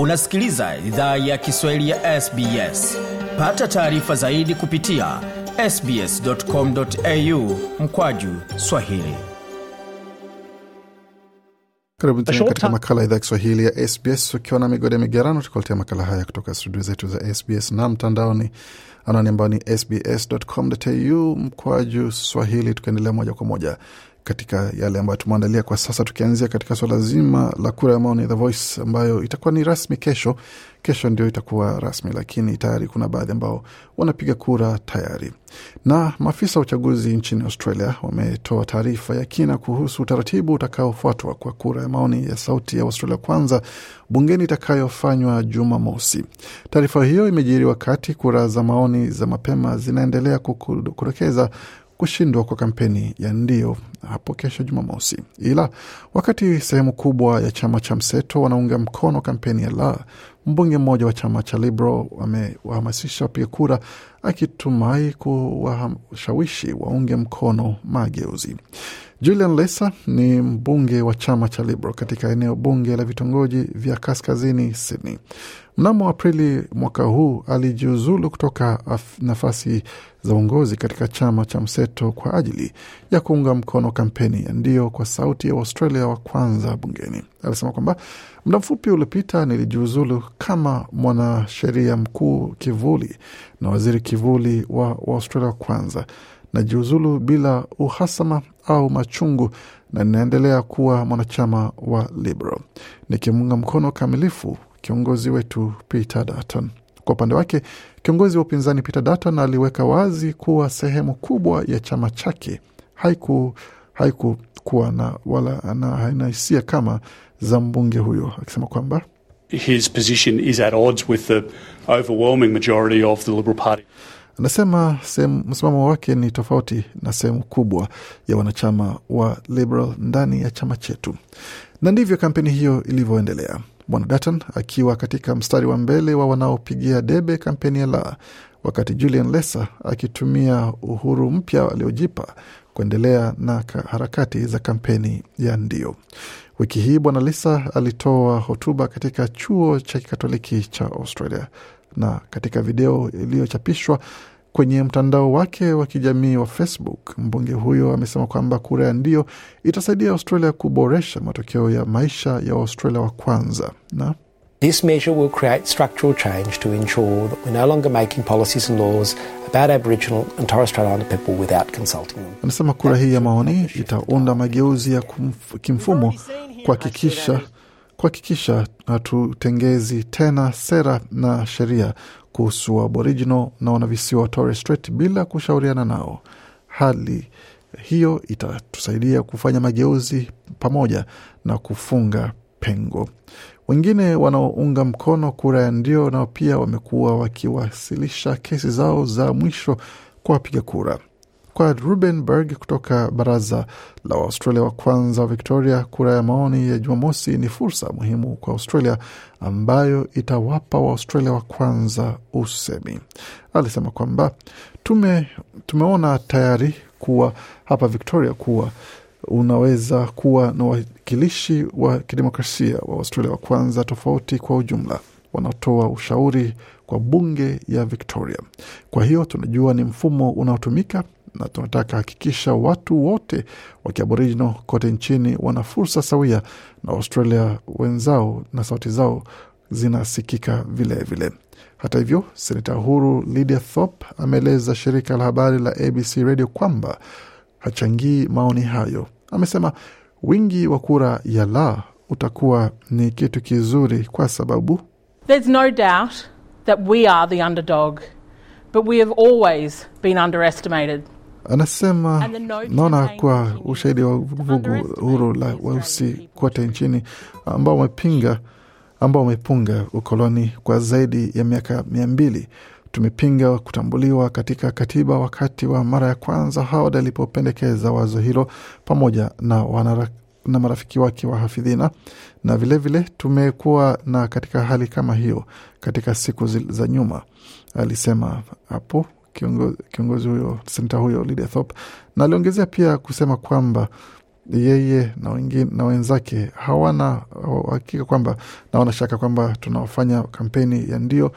unasikiliza idhaa ya kiswahili ya sbs pata taarifa zaidi kupitia sbscomau mkwaju swahili karibu tena katika makala idhaa ya kiswahili ya sbs ukiwa na migode migerano tukuletea makala haya kutoka studio zetu za sbs na mtandaoni anaoni ambao ni sbscomau mkwaju swahili tukaendelea moja kwa moja katika yale ambayo tumeandalia kwa sasa, tukianzia katika swala zima la kura ya maoni The Voice ambayo itakuwa ni rasmi kesho. Kesho ndio itakuwa rasmi, lakini tayari kuna baadhi ambao wanapiga kura tayari. Na maafisa wa uchaguzi nchini Australia wametoa taarifa ya kina kuhusu utaratibu utakaofuatwa kwa kura ya maoni ya sauti ya Australia kwanza bungeni itakayofanywa Jumamosi. Taarifa hiyo imejiri wakati kura za maoni za mapema zinaendelea kudokeza kushindwa kwa kampeni ya ndio hapo kesho Jumamosi. Ila wakati sehemu kubwa ya chama cha mseto wanaunga mkono kampeni ya la, mbunge mmoja wa chama cha Liberal amewahamasisha wapiga kura akitumai kuwashawishi waunge mkono mageuzi. Julian Lesa ni mbunge wa chama cha Libra katika eneo bunge la vitongoji vya kaskazini Sydney. Mnamo Aprili mwaka huu alijiuzulu kutoka nafasi za uongozi katika chama cha mseto kwa ajili ya kuunga mkono kampeni ya ndio kwa sauti ya Australia wa kwanza bungeni. Alisema kwamba muda mfupi uliopita, nilijiuzulu kama mwanasheria mkuu kivuli na waziri kivuli wa Australia wa kwanza najiuzulu bila uhasama au machungu na ninaendelea kuwa mwanachama wa Liberal, nikimunga mkono kamilifu kiongozi wetu Peter Dutton. Kwa upande wake, kiongozi wa upinzani Peter Dutton aliweka wazi kuwa sehemu kubwa ya chama chake haiku haikukuwa na wala na haina hisia kama za mbunge huyo, akisema kwamba his position is at odds with the overwhelming majority of the Liberal Party. Anasema msimamo wake ni tofauti na sehemu kubwa ya wanachama wa Liberal ndani ya chama chetu. Na ndivyo kampeni hiyo ilivyoendelea, Bwana Dutton akiwa katika mstari wa mbele wa wanaopigia debe kampeni ya la, wakati Julian Lesa akitumia uhuru mpya aliojipa kuendelea na harakati za kampeni ya ndio. Wiki hii Bwana Lisa alitoa hotuba katika chuo cha kikatoliki cha Australia na katika video iliyochapishwa kwenye mtandao wake wa kijamii wa Facebook, mbunge huyo amesema kwamba kura ya ndio itasaidia Australia kuboresha matokeo ya maisha ya Waustralia wa kwanza na This measure will create structural change to ensure that we're no longer making policies and laws about Aboriginal and Torres Strait Islander people without consulting them. Anasema kura hii ya maoni itaunda mageuzi ya kumf, kimfumo kuhakikisha kuhakikisha hatutengezi tena sera na sheria kuhusu Aboriginal na wanavisiwa Torres Strait bila kushauriana nao. Hali hiyo itatusaidia kufanya mageuzi pamoja na kufunga pengo. Wengine wanaounga mkono kura ya ndio nao pia wamekuwa wakiwasilisha kesi zao za mwisho kwa wapiga kura kwa Berg kutoka baraza la Waustralia wa kwanza wa Victoria. Kura ya maoni ya Jumamosi ni fursa muhimu kwa Australia ambayo itawapa Waustralia wa kwanza usemi. Alisema kwamba tume, tumeona tayari kuwa hapa Victoria kuwa unaweza kuwa na wawakilishi wa kidemokrasia wa Australia wa kwanza tofauti kwa ujumla wanaotoa ushauri kwa bunge ya Victoria. Kwa hiyo tunajua ni mfumo unaotumika na tunataka hakikisha watu wote wa kiaborijino kote nchini wana fursa sawia na Australia wenzao na sauti zao zinasikika vilevile vile. Hata hivyo, senata huru Lydia thop ameeleza shirika la habari la ABC Radio kwamba hachangii maoni hayo. Amesema wingi wa kura ya la utakuwa ni kitu kizuri kwa sababu There's no doubt that we are the underdog, but we have always been underestimated. Anasema naona kwa ushahidi wa vuguvugu huru la weusi kote nchini ambao wamepinga ambao wamepunga ukoloni kwa zaidi ya miaka mia mbili. Tumepinga kutambuliwa katika katiba wakati wa mara ya kwanza Howard alipopendekeza wazo hilo pamoja na wanara, na marafiki wake wa hafidhina na vilevile tumekuwa na katika hali kama hiyo katika siku za nyuma, alisema hapo kiongozi, kiongozi huyo senta huyo Lidethorp, na aliongezea pia kusema kwamba yeye na wengine na wenzake hawana hakika kwamba na wanashaka kwamba tunaofanya kampeni ya ndio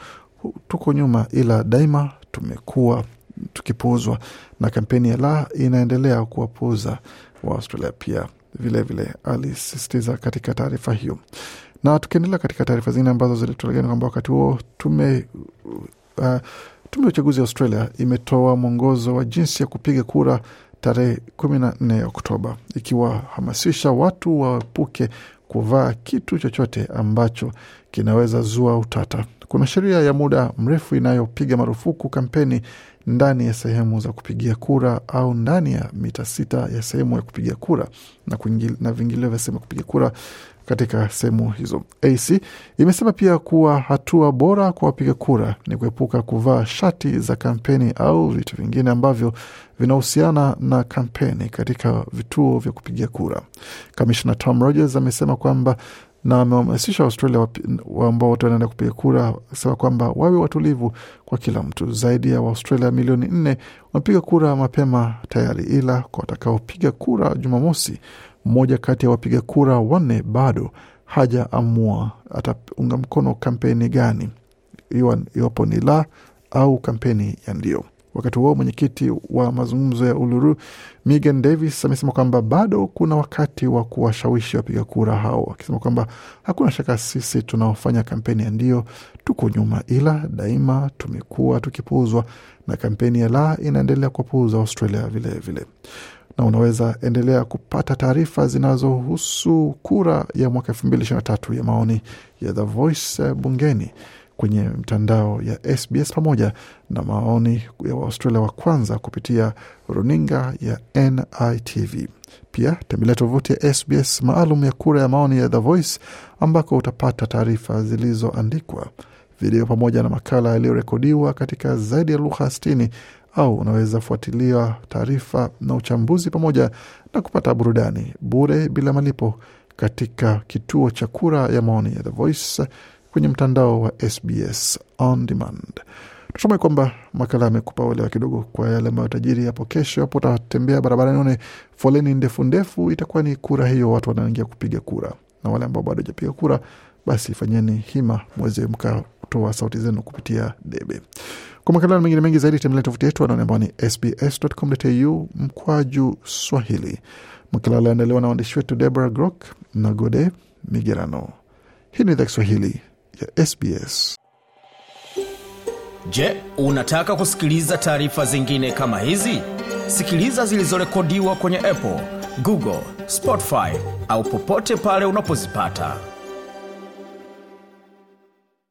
tuko nyuma, ila daima tumekuwa tukipuuzwa na kampeni ya la inaendelea kuwapuuza waustralia pia vilevile, alisisitiza katika taarifa hiyo. Na tukiendelea katika taarifa zingine ambazo zilitolea, ni kwamba wakati huo tume uh, Tume ya uchaguzi ya Australia imetoa mwongozo wa jinsi ya kupiga kura tarehe 14 Oktoba, ikiwahamasisha watu waepuke kuvaa kitu chochote ambacho kinaweza zua utata. Kuna sheria ya muda mrefu inayopiga marufuku kampeni ndani ya sehemu za kupigia kura au ndani ya mita sita ya sehemu ya kupigia kura na, na vingilio vya sehemu ya kupiga kura katika sehemu hizo. AC imesema pia kuwa hatua bora kwa wapiga kura ni kuepuka kuvaa shati za kampeni au vitu vingine ambavyo vinahusiana na kampeni katika vituo vya kupiga kura. Kamishna Tom Rogers amesema kwamba na amehamasisha Australia ambao wanaenda kupiga kura, sema kwamba wawe watulivu kwa kila mtu. Zaidi ya Waustralia milioni nne wamepiga kura mapema tayari, ila kwa watakaopiga kura Jumamosi mmoja kati ya wapiga kura wanne bado hajaamua ataunga mkono kampeni gani, iwapo ni la au kampeni ya ndio. Wakati huo mwenyekiti wa mazungumzo ya Uluru Megan Davis amesema kwamba bado kuna wakati wa kuwashawishi wapiga kura hao, akisema kwamba hakuna shaka sisi tunaofanya kampeni ya ndio tuko nyuma, ila daima tumekuwa tukipuuzwa na kampeni ya la inaendelea kuwapuuza Australia vilevile vile na unaweza endelea kupata taarifa zinazohusu kura ya mwaka tatu ya maoni ya The Voice eh, bungeni kwenye mtandao ya SBS pamoja na maoni ya Waustralia wa kwanza kupitia runinga ya NITV. Pia tembelea tovuti ya SBS maalum ya kura ya maoni ya The Voice ambako utapata taarifa zilizoandikwa, video pamoja na makala yaliyorekodiwa katika zaidi ya lugha 60 au unaweza fuatilia taarifa na uchambuzi pamoja na kupata burudani bure bila malipo katika kituo cha kura ya maoni ya The Voice kwenye mtandao wa SBS On Demand. Tusome kwamba makala amekupa uelewa kidogo kwa yale ambayo tajiri hapo kesho. Hapo utatembea barabarani, one foleni ndefu ndefu, itakuwa ni kura hiyo, watu wanaingia kupiga kura, na wale ambao bado hajapiga kura, basi fanyeni hima, mweze mkatoa sauti zenu kupitia debe. Kwa makala mengine mengi zaidi tembelea tovuti yetu anaone ambao ni sbs.com.au mkwaju swahili. Makala aliandaliwa na waandishi wetu Deborah Grok na Gode Migerano. Hii ni idhaa Kiswahili ya SBS. Je, unataka kusikiliza taarifa zingine kama hizi? Sikiliza zilizorekodiwa kwenye Apple, Google, Spotify au popote pale unapozipata.